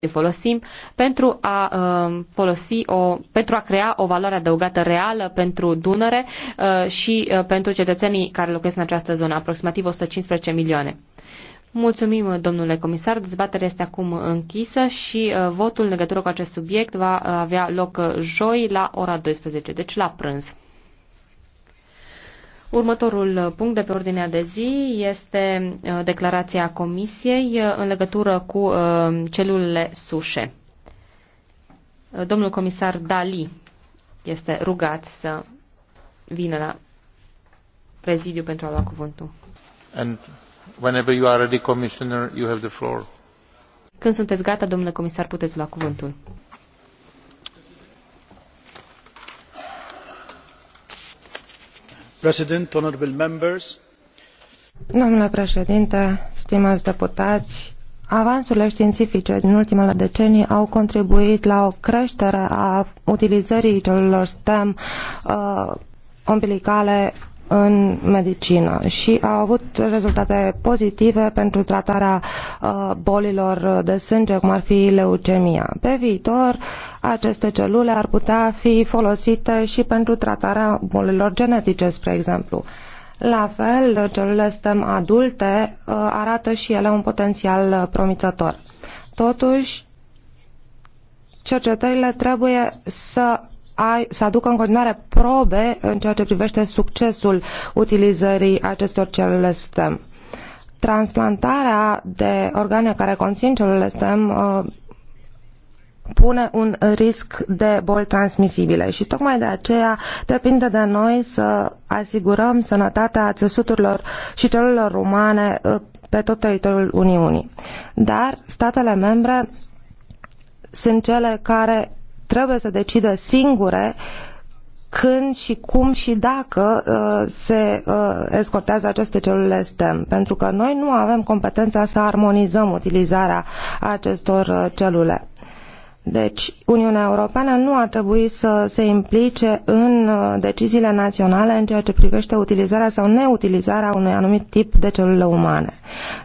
de folosim pentru a uh, folosi o, pentru a crea o valoare adăugată reală pentru Dunăre uh, și uh, pentru cetățenii care locuiesc în această zonă, aproximativ 115 milioane. Mulțumim, domnule comisar. Dezbaterea este acum închisă și uh, votul în legătură cu acest subiect va uh, avea loc uh, joi la ora 12, deci la prânz. Următorul uh, punct de pe ordinea de zi este uh, declarația Comisiei uh, în legătură cu celulele sușe. Domnul comisar Dali este rugat să vină la prezidiu pentru a lua cuvântul. And whenever you are ready, commissioner, you have the floor. Când sunteți gata, domnule comisar, puteți lua cuvântul. Domnule președinte, avansurile științifice din ultimele decenii au contribuit la o cretere a utilizării celulelor STEM uh, umbilicale în medicină și a avut rezultate pozitive pentru tratarea uh, bolilor de sânge, cum ar fi leucemia. Pe viitor, aceste celule ar putea fi folosite și pentru tratarea bolilor genetice, spre exemplu. La fel, celulele stem adulte uh, arată și ele un potențial uh, promițător. Totuși, cercetările trebuie să să aducă în continuare probe în ceea ce privește succesul utilizării acestor celule STEM. Transplantarea de organe care conțin celule STEM uh, pune un risc de boli transmisibile și tocmai de aceea depinde de noi să asigurăm sănătatea țesuturilor și celulelor umane uh, pe tot teritoriul Uniunii. Dar statele membre sunt cele care trebuie să decidă singure când și cum și dacă uh, se uh, escortează aceste celule STEM, pentru că noi nu avem competența să armonizăm utilizarea acestor uh, celule. Deci, Uniunea Europeană nu ar trebui să se implice în uh, deciziile naționale în ceea ce privește utilizarea sau neutilizarea unui anumit tip de celule umane.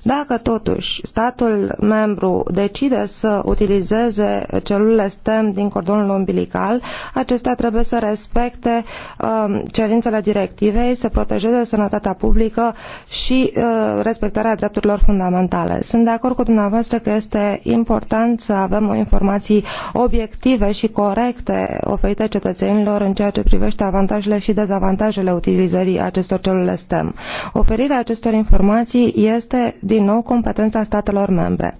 Dacă totuși statul membru decide să utilizeze celulele STEM din cordonul umbilical, acestea trebuie să respecte um, cerințele directivei, să protejeze sănătatea publică și uh, respectarea drepturilor fundamentale. Sunt de acord cu dumneavoastră că este important să avem informații obiective și corecte oferite cetățenilor în ceea ce privește avantajele și dezavantajele utilizării acestor celule STEM. Oferirea acestor informații este, din nou, competența statelor membre.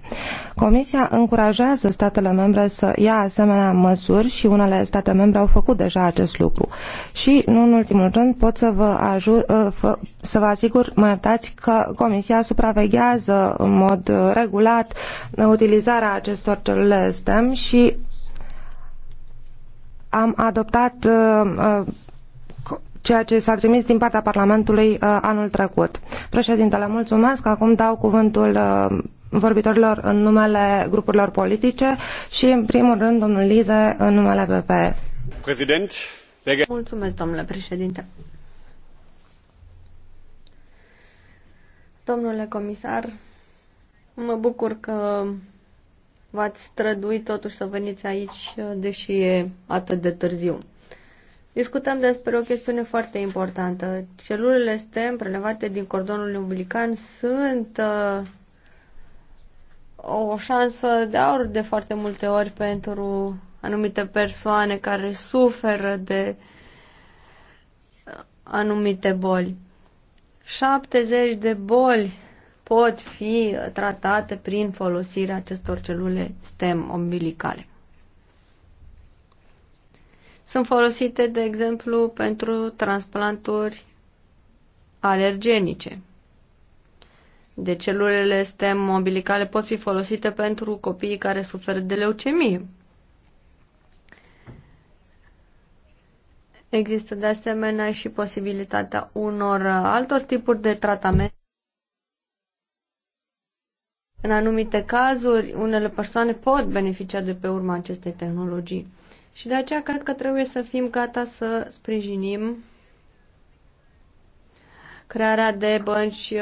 Comisia încurajează statele membre să ia asemenea măsuri și unele state membre au făcut deja acest lucru. Și, nu în ultimul rând, pot să vă, ajur, uh, să vă asigur, mă iertați, că Comisia supraveghează în mod uh, regulat uh, utilizarea acestor celule STEM și am adoptat ceea ce s-a trimis din partea Parlamentului anul trecut. Președintele, mulțumesc. Acum dau cuvântul vorbitorilor în numele grupurilor politice și, în primul rând, domnul Lize în numele PPE. Prezident, Mulțumesc, domnule președinte. Domnule comisar, mă bucur că v-ați străduit totuși să veniți aici, deși e atât de târziu. Discutăm despre o chestiune foarte importantă. Celulele STEM prelevate din cordonul umbilican sunt uh, o șansă de aur de foarte multe ori pentru anumite persoane care suferă de anumite boli. 70 de boli pot fi tratate prin folosirea acestor celule stem umbilicale Sunt folosite, de exemplu, pentru transplanturi alergenice, de celulele stem ombilicale pot fi folosite pentru copiii care suferă de leucemie. Există de asemenea și posibilitatea unor altor tipuri de tratament. În anumite cazuri, unele persoane pot beneficia de pe urma acestei tehnologii. Și de aceea cred că trebuie să fim gata să sprijinim crearea de bănci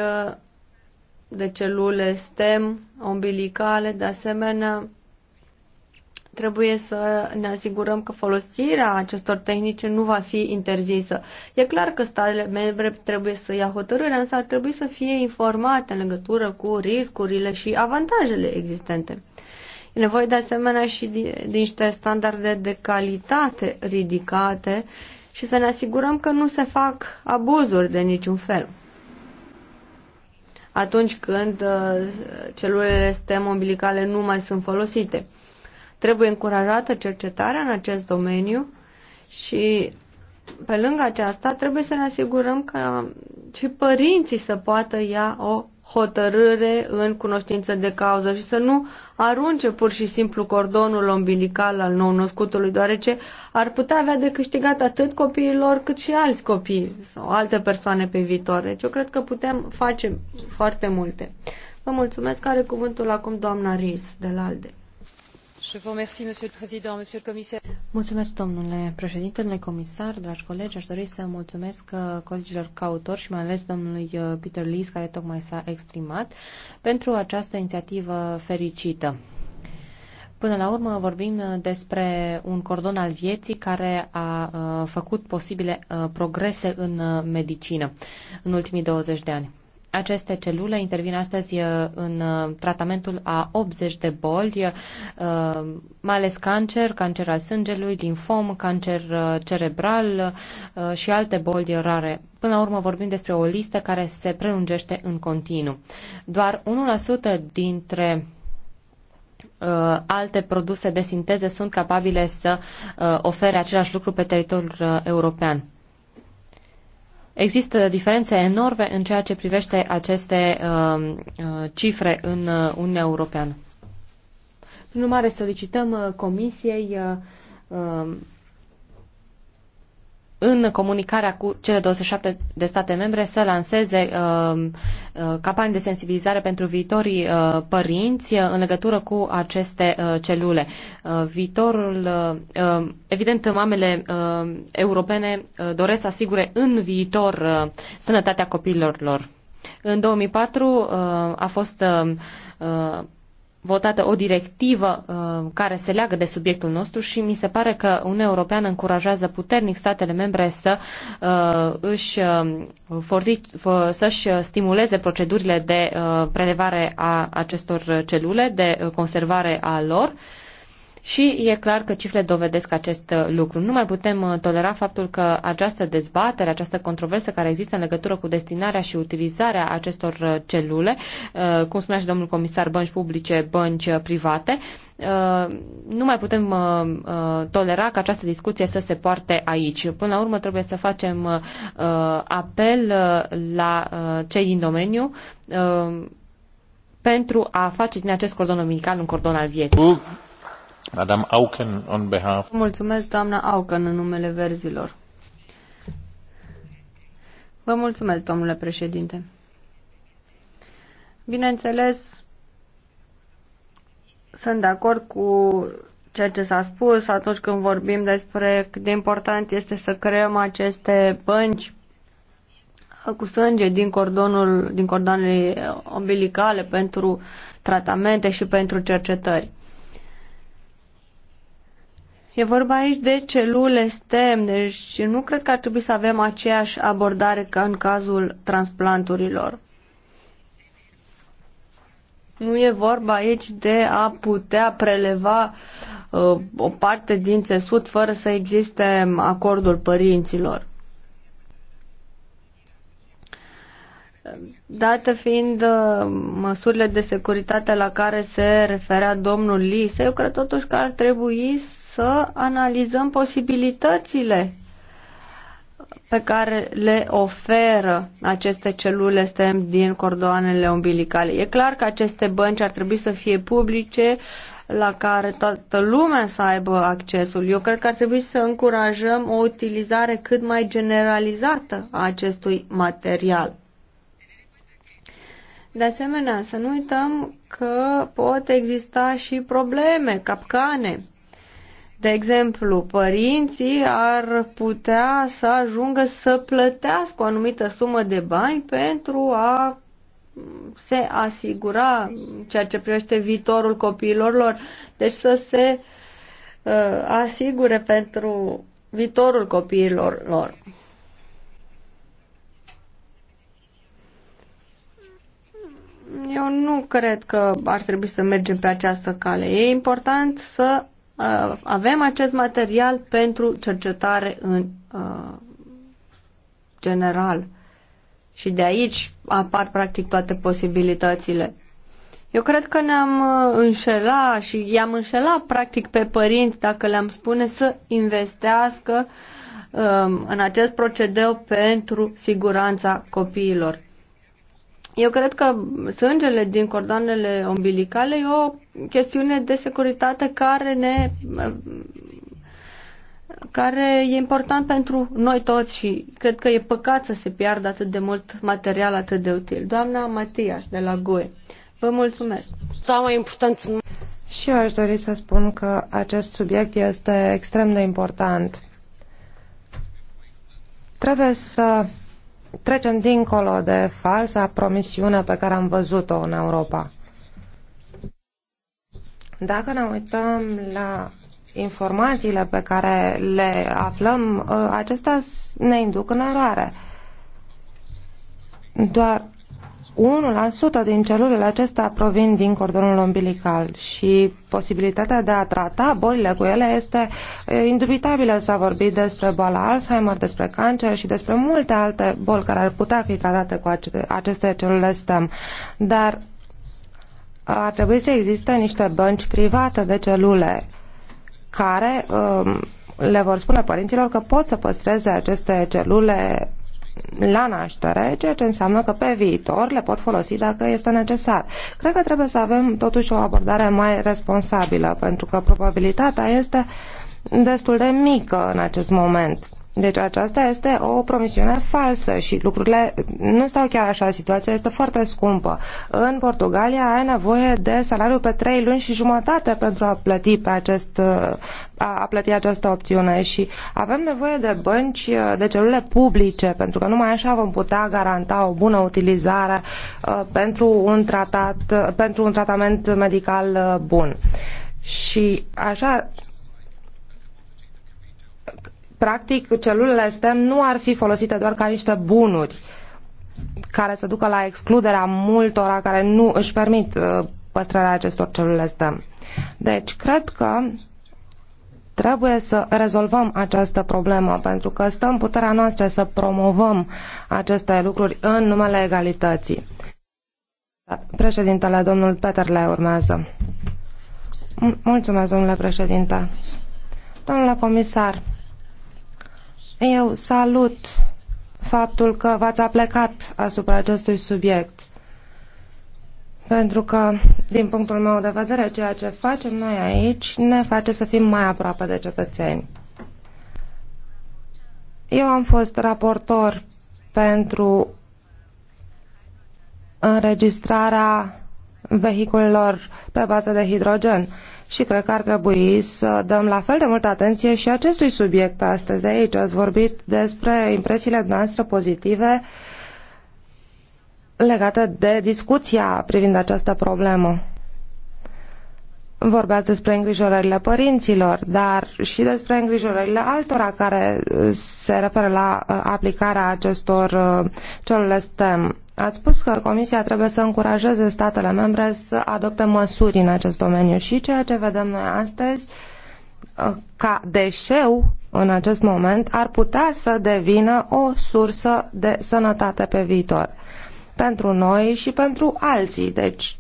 de celule stem, ombilicale, de asemenea, trebuie să ne asigurăm că folosirea acestor tehnici nu va fi interzisă. E clar că statele membre trebuie să ia hotărârea, însă ar trebui să fie informate în legătură cu riscurile și avantajele existente. E nevoie de asemenea și de niște standarde de calitate ridicate și să ne asigurăm că nu se fac abuzuri de niciun fel atunci când uh, celulele stem umbilicale nu mai sunt folosite. Trebuie încurajată cercetarea în acest domeniu și pe lângă aceasta trebuie să ne asigurăm că și părinții să poată ia o hotărâre în cunoștință de cauză și să nu arunce pur și simplu cordonul ombilical al nou-născutului, deoarece ar putea avea de câștigat atât copiilor cât și alți copii sau alte persoane pe viitor. Deci eu cred că putem face foarte multe. Vă mulțumesc. Are cuvântul acum doamna Ris de la ALDE domnule președinte, domnule comisar, dragi colegi. Aș dori să mulțumesc uh, colegilor cautori și mai ales domnului uh, Peter Lees, care tocmai s-a exprimat, pentru această inițiativă fericită. Până la urmă vorbim uh, despre un cordon al vieții care a făcut posibile progrese în medicină în ultimii 20 de ani. Aceste celule intervin astăzi uh, în uh, tratamentul a 80 de boli, uh, mai ales cancer, cancer al sângelui, linfom, cancer cerebral și alte boli rare. Până la urmă vorbim despre o listă care se prelungește în continuu. Doar 1% dintre alte produse de sinteză sunt capabile să ofere același lucru pe teritoriul european. Există diferențe enorme în ceea ce privește aceste um, uh, cifre în uh, Uniunea Europeană. Prin urmare, solicităm uh, Comisiei uh, um, în comunicarea cu cele 27 de state membre să lanseze uh, uh, campanii de sensibilizare pentru viitorii uh, părinți uh, în legătură cu aceste uh, celule. Uh, viitorul, uh, uh, evident, mamele uh, europene uh, doresc să asigure în viitor uh, sănătatea copiilor lor. În 2004 uh, a fost uh, votată o directivă uh, care se leagă de subiectul nostru și mi se pare că Uniunea Europeană încurajează puternic statele membre să uh, își uh, să-și stimuleze procedurile de uh, prelevare a acestor celule, de uh, conservare a lor uh, și e clar că cifrele dovedesc acest uh, lucru. Nu mai putem uh, tolera faptul că această dezbatere, această controversă care există în legătură cu destinarea și utilizarea acestor uh, celule, cum spunea și domnul comisar, bănci publice, bănci private, nu mai putem tolera ca această discuție să se poarte aici. Până la urmă trebuie să facem apel la cei din domeniu pentru a face din acest cordon omilical un cordon al vieții. Auken, on behalf... Mulțumesc, doamna Auken, în numele verzilor. Vă mulțumesc, domnule președinte. Bineînțeles, sunt de acord cu ceea ce s-a spus atunci când vorbim despre cât de important este să creăm aceste bănci cu sânge din cordonul, din cordonul umbilicale pentru tratamente și pentru cercetări. E vorba aici de celule STEM, deci nu cred că ar trebui să avem aceeași abordare ca în cazul transplanturilor. Nu e vorba aici de a putea preleva uh, o parte din țesut fără să existe acordul părinților. Dată fiind uh, măsurile de securitate la care se referea domnul Lise, eu cred totuși că ar trebui să să analizăm posibilitățile pe care le oferă aceste celule STEM din cordoanele umbilicale. E clar că aceste bănci ar trebui să fie publice, la care toată lumea să aibă accesul. Eu cred că ar trebui să încurajăm o utilizare cât mai generalizată a acestui material. De asemenea, să nu uităm că pot exista și probleme, capcane. De exemplu, părinții ar putea să ajungă să plătească o anumită sumă de bani pentru a se asigura ceea ce privește viitorul copiilor lor. Deci să se uh, asigure pentru viitorul copiilor lor. Eu nu cred că ar trebui să mergem pe această cale. E important să Uh, avem acest material pentru cercetare în uh, general. Și de aici apar practic toate posibilitățile. Eu cred că ne-am uh, înșelat și i-am înșelat practic pe părinți dacă le-am spune să investească um, în acest procedeu pentru siguranța copiilor. Eu cred că sângele din cordoanele umbilicale e o chestiune de securitate care ne care e important pentru noi toți și cred că e păcat să se piardă atât de mult material atât de util. Doamna Matias de la GUE, vă mulțumesc. Sau da, mai important. Și eu aș dori să spun că acest subiect este extrem de important. Trebuie să trecem dincolo de falsa promisiune pe care am văzut-o în Europa dacă ne uităm la informațiile pe care le aflăm, ă, acestea ne induc în eroare. Doar 1% din celulele acestea provin din cordonul umbilical și posibilitatea de a trata bolile cu ele este indubitabilă. S-a vorbit despre boala Alzheimer, despre cancer și despre multe alte boli care ar putea fi tratate cu aceste celule STEM. Dar ar trebui să existe niște bănci private de celule care um, le vor spune părinților că pot să păstreze aceste celule la naștere, ceea ce înseamnă că pe viitor le pot folosi dacă este necesar. Cred că trebuie să avem totuși o abordare mai responsabilă, pentru că probabilitatea este destul de mică în acest moment deci aceasta este o promisiune falsă și lucrurile nu stau chiar așa. Situația este foarte scumpă. În Portugalia ai nevoie de salariu pe trei luni și jumătate pentru a plăti, pe acest, a plăti această opțiune și avem nevoie de bănci, de celule publice, pentru că numai așa vom putea garanta o bună utilizare uh, pentru un, tratat, uh, pentru un tratament medical uh, bun. Și așa practic, celulele STEM nu ar fi folosite doar ca niște bunuri care să ducă la excluderea multora care nu își permit uh, păstrarea acestor celule STEM. Deci, cred că trebuie să rezolvăm această problemă, pentru că stă în puterea noastră să promovăm aceste lucruri în numele egalității. Președintele, domnul le urmează. Mulțumesc, domnule președinte. Domnule comisar, eu salut faptul că v-ați aplecat asupra acestui subiect. Pentru că, din punctul meu de vedere, ceea ce facem noi aici ne face să fim mai aproape de cetățeni. Eu am fost raportor pentru înregistrarea vehiculelor pe bază de hidrogen și cred că ar trebui să dăm la fel de multă atenție și acestui subiect astăzi aici. Ați vorbit despre impresiile noastre pozitive legate de discuția privind această problemă. Vorbeați despre îngrijorările părinților, dar și despre îngrijorările altora care se referă la uh, aplicarea acestor uh, celule STEM. Ați spus că Comisia trebuie să încurajeze statele membre să adopte măsuri în acest domeniu și ceea ce vedem noi astăzi uh, ca deșeu în acest moment ar putea să devină o sursă de sănătate pe viitor pentru noi și pentru alții. Deci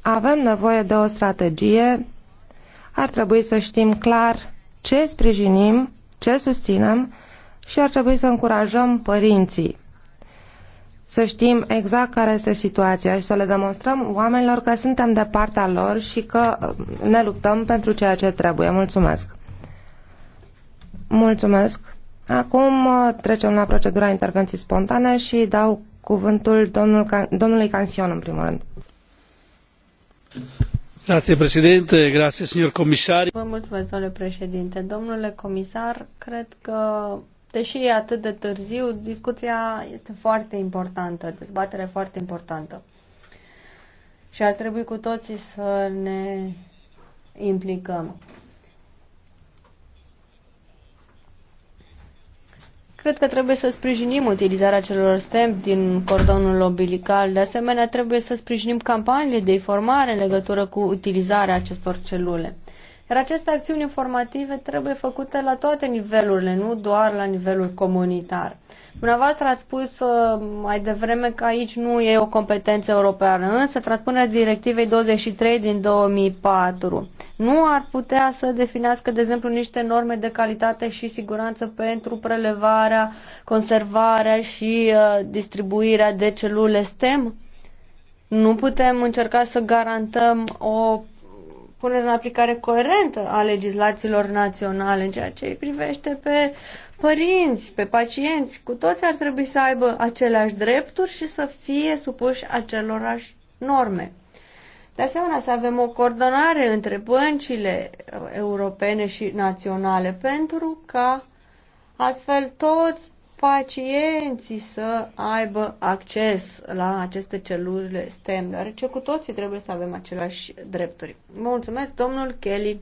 avem nevoie de o strategie, ar trebui să știm clar ce sprijinim, ce susținem și ar trebui să încurajăm părinții să știm exact care este situația și să le demonstrăm oamenilor că suntem de partea lor și că uh, ne luptăm pentru ceea ce trebuie. Mulțumesc! Mulțumesc! Acum uh, trecem la procedura intervenției spontane și dau cuvântul domnul, domnului Cansion în primul rând. Grazie, președinte. Grazie, signor comisar. Vă mulțumesc, domnule președinte. Domnule comisar, cred că Deși e atât de târziu, discuția este foarte importantă, dezbaterea foarte importantă. Și ar trebui cu toții să ne implicăm. Cred că trebuie să sprijinim utilizarea celor STEM din cordonul obilical. De asemenea, trebuie să sprijinim campaniile de informare în legătură cu utilizarea acestor celule. Iar aceste acțiuni informative trebuie făcute la toate nivelurile, nu doar la nivelul comunitar. Dumneavoastră ați spus uh, mai devreme că aici nu e o competență europeană, însă transpunerea directivei 23 din 2004 nu ar putea să definească, de exemplu, niște norme de calitate și siguranță pentru prelevarea, conservarea și uh, distribuirea de celule STEM? Nu putem încerca să garantăm o punerea în aplicare coerentă a legislațiilor naționale în ceea ce îi privește pe părinți, pe pacienți. Cu toți ar trebui să aibă aceleași drepturi și să fie supuși acelorași norme. De asemenea, să avem o coordonare între băncile uh, europene și naționale pentru ca astfel toți pacienții să aibă acces la aceste celule STEM, deoarece cu toții trebuie să avem aceleași drepturi. mulțumesc, domnul Kelly.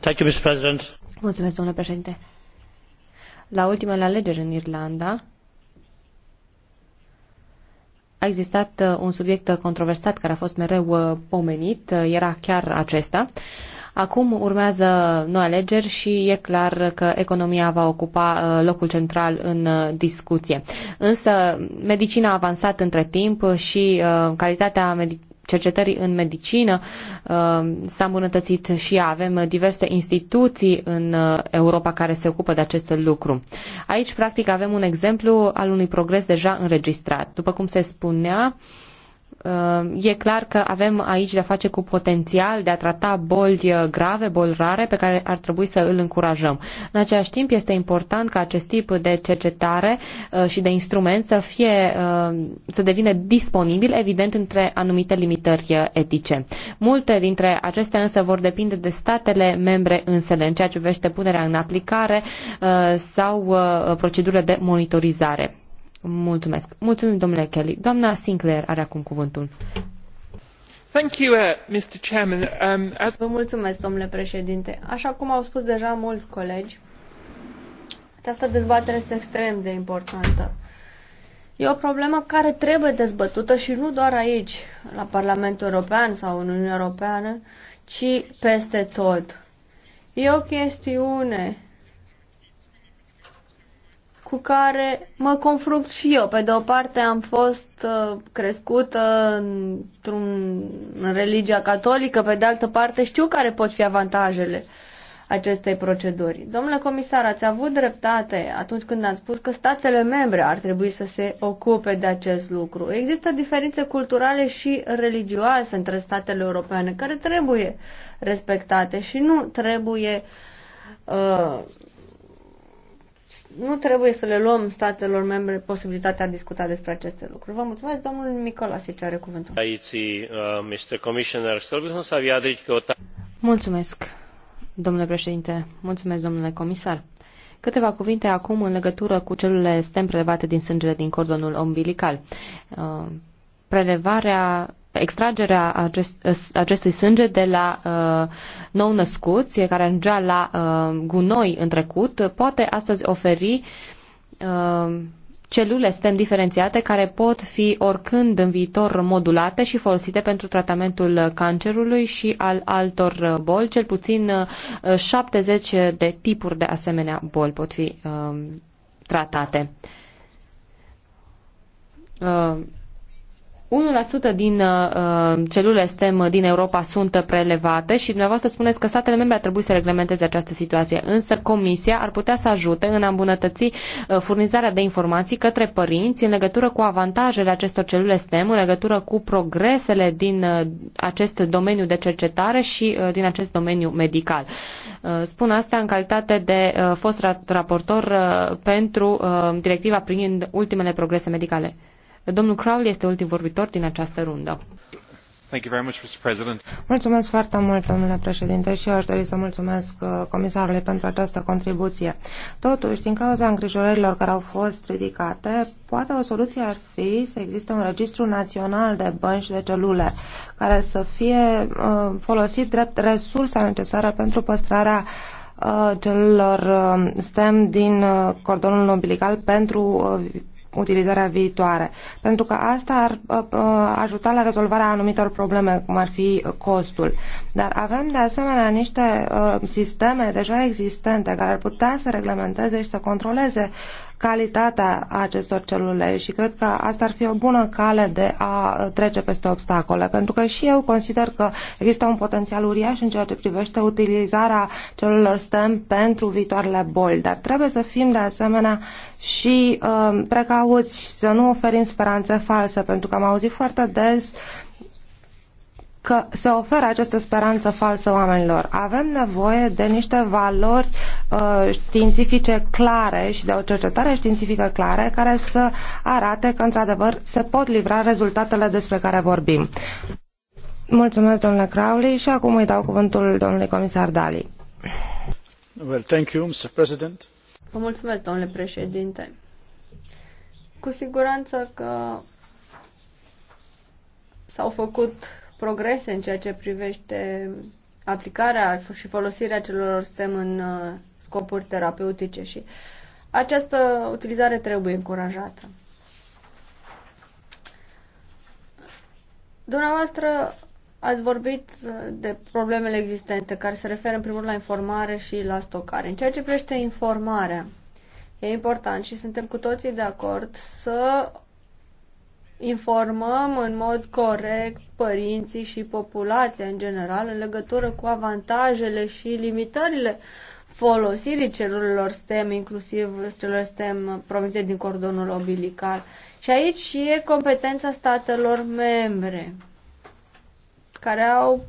Thank you, Mr. President. Mulțumesc, domnule președinte. La ultimele alegeri în Irlanda, a existat uh, un subiect uh, controversat care a fost mereu uh, pomenit, era chiar acesta. Uh, Acum urmează noi alegeri și e clar că economia va ocupa uh, locul central în uh, discuție. Însă medicina a avansat între timp și uh, calitatea medicinei cercetării în medicină s-a îmbunătățit și ea. Avem diverse instituții în Europa care se ocupă de acest lucru. Aici, practic, avem un exemplu al unui progres deja înregistrat. După cum se spunea, Uh, e clar că avem aici de-a face cu potențial de a trata boli uh, grave, boli rare, pe care ar trebui să îl încurajăm. În același timp, este important ca acest tip de cercetare uh, și de instrument să, fie, să devină disponibil, evident, între anumite limitări etice. Multe dintre acestea însă vor depinde de statele membre însele, în ceea ce privește punerea în aplicare sau procedurile de monitorizare. Mulțumesc. Mulțumim, domnule Kelly. Doamna Sinclair are acum cuvântul. Thank you, uh, Mr. Chairman. Um, as... Vă mulțumesc, domnule președinte. Așa cum au spus deja mulți colegi, această dezbatere este extrem de importantă. E o problemă care trebuie dezbătută și nu doar aici, la Parlamentul European sau în Uniunea Europeană, ci peste tot. E o chestiune cu care mă confrunt și eu. Pe de o parte am fost uh, crescută într-un, în religia catolică, pe de altă parte știu care pot fi avantajele acestei proceduri. Domnule comisar, ați avut dreptate atunci când ați spus că statele membre ar trebui să se ocupe de acest lucru. Există diferențe culturale și religioase între statele europene care trebuie respectate și nu trebuie uh, nu trebuie să le luăm statelor membre posibilitatea de a discuta despre aceste lucruri. Vă mulțumesc, domnul Nicolasi, ce are cuvântul. Aici, uh, Mr. Commissioner, să deci, Mulțumesc, domnule președinte. Mulțumesc, domnule comisar. Câteva cuvinte acum în legătură cu celulele stem prelevate din sângele din cordonul umbilical. Uh, prelevarea extragerea acest, acestui sânge de la uh, nou-născuți, care ajungea la uh, gunoi în trecut, poate astăzi oferi uh, celule stem diferențiate care pot fi oricând în viitor modulate și folosite pentru tratamentul cancerului și al altor boli. Cel puțin 70 uh, de tipuri de asemenea boli pot fi uh, tratate. Uh, 1% din uh, uh, celule STEM din Europa sunt prelevate și dumneavoastră spuneți că statele membre ar trebui să reglementeze această situație, însă Comisia ar putea să ajute în a îmbunătăți uh, furnizarea de informații către părinți în legătură cu avantajele acestor celule STEM, în legătură cu progresele din uh, acest domeniu de cercetare și uh, din acest domeniu medical. Uh, spun asta în calitate de uh, fost raportor uh, pentru uh, directiva privind ultimele progrese medicale. Domnul Crowley este ultimul vorbitor din această rundă. Mulțumesc foarte mult, domnule președinte, și eu aș dori să mulțumesc uh, comisarului pentru această contribuție. Totuși, din cauza îngrijorărilor care au fost ridicate, poate o soluție ar fi să existe un registru național de bănci de celule, care să fie uh, folosit drept resursa necesară pentru păstrarea uh, celor stem din cordonul umbilical pentru utilizarea viitoare, pentru că asta ar uh, uh, ajuta la rezolvarea anumitor probleme, cum ar fi uh, costul. Dar avem de asemenea niște sisteme deja existente care ar putea să reglementeze și să controleze calitatea acestor celule și cred că asta ar fi o bună cale de a uh, trece peste obstacole, pentru că și eu consider că există un potențial uriaș în ceea ce privește utilizarea celulelor STEM pentru viitoarele boli, dar trebuie să fim de asemenea și uh, precauți, să nu oferim speranțe false, pentru că am auzit foarte des uh, că se oferă această speranță falsă oamenilor. Avem nevoie de niște valori uh, științifice clare și de o cercetare științifică clare care să arate că, într-adevăr, se pot livra rezultatele despre care vorbim. Mulțumesc, domnule Crowley, și acum îi dau cuvântul domnului comisar Dali. Well, thank you, Mr. President. Vă mulțumesc, domnule președinte. Cu siguranță că s-au făcut progrese în ceea ce privește aplicarea și folosirea celor STEM în uh, scopuri terapeutice și această utilizare trebuie încurajată. Dumneavoastră ați vorbit uh, de problemele existente care se referă în primul rând la informare și la stocare. În ceea ce privește informarea, e important și suntem cu toții de acord să informăm în mod corect părinții și populația în general în legătură cu avantajele și limitările folosirii celulelor STEM, inclusiv celor STEM promise din cordonul umbilical. Și aici e competența statelor membre, care au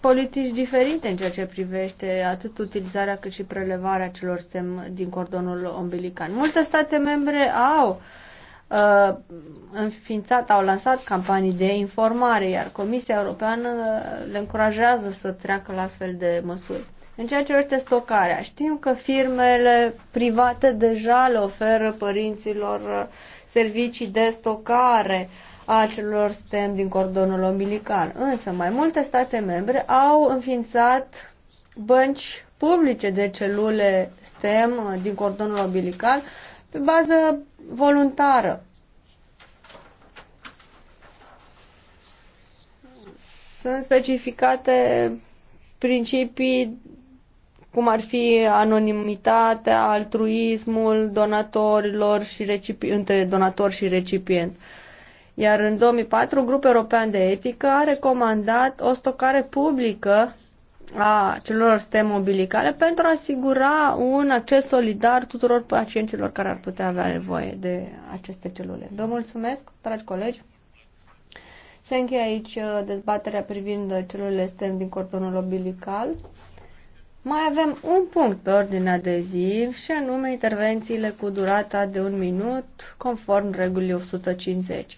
politici diferite în ceea ce privește atât utilizarea cât și prelevarea celor STEM din cordonul umbilical. Multe state membre au uh, uh, înființat, au lansat campanii de informare, iar Comisia Europeană le încurajează să treacă la astfel de măsuri. În ceea ce este stocarea, știm că firmele private deja le oferă părinților uh, servicii de stocare a celor stem din cordonul umbilical. Însă, mai multe state membre au înființat bănci publice de celule stem uh, din cordonul umbilical pe bază voluntară. Sunt specificate principii cum ar fi anonimitatea, altruismul donatorilor și recipi- între donator și recipient. Iar în 2004, Grupul European de Etică a recomandat o stocare publică a celor steme umbilicale pentru a asigura un acces solidar tuturor pacienților care ar putea avea nevoie de aceste celule. Vă mulțumesc, dragi colegi! Se încheie aici uh, dezbaterea privind celulele stem din cordonul umbilical. Mai avem un punct de ordinea de zi și anume intervențiile cu durata de un minut conform regulii 150.